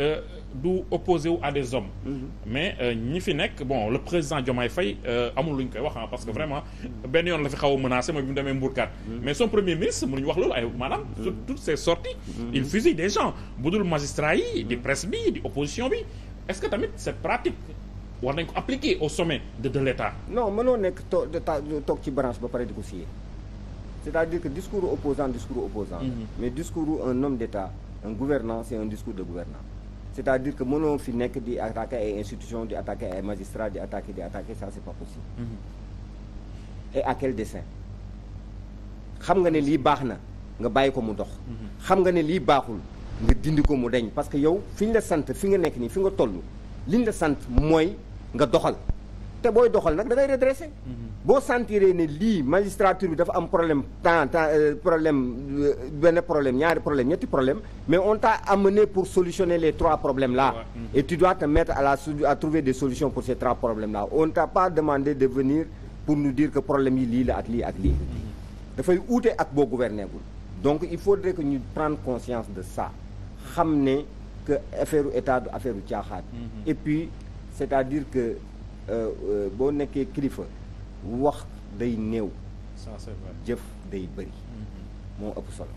Euh, du opposé wu à des hommes. Mhm. mais euh, ñi fi nekk bon le président Diomaye Faye euh, amul lu ñu koy wax ah parce que vraiment benn yoon la fi xaw a menacé mooy bi mu demee Mbourkat. Mhm. mais son premier ministre mënuñu wax loolu ay maanaam. sur mhm. toutes ces sorties. il fusille des gens bu dul magistrat yi. di presse bi di opposition bi est-ce que tamit c'est pratique. war nañ ko appliquer au sommet de de l'État. non mënoo nekk too toog ci branche ba pare di ko siyee c'est-à-dire que discours opposant discours opposant mm -hmm. mais discours c'est-à-dire que mënoo fi nekk di attaquer ay institutions di attaquer ay magistrats di attaquer di attaquer ça c'est pas possible. Mm -hmm. et xam nga ne lii baax na nga bàyyi ko mu dox. Mm-hmm. xam nga ne lii baaxul nga dindi ko mu deñ parce que yow fi ñu la sant fi nga nekk nii fi nga toll li ñu la sant mooy nga doxal te booy doxal nag da ngay boo sentiree ne lii magistrature bi dafa am problème temps tant euh, problème euh, benn problème ñaari problème ñetti problème mais on t'a amené pour solutionner les trois problèmes la mm-hmm. et tu dois te mettre à la à trouver des solutions pour ces trois problèmes là on t'a pas demandé de venir pour nous dire que problème yi lii la ak lii ak lii mm-hmm. dafay uute ak boo gouverner gul donc il faut de que ñu prendre conscience de sa xam ne que affaire état du affaire u caaxaan mm-hmm. et puis c'est-à-dire que euh, boo nekkee kilifa wax day néew. jëf day bëri mm-hmm. moo ëpp solo.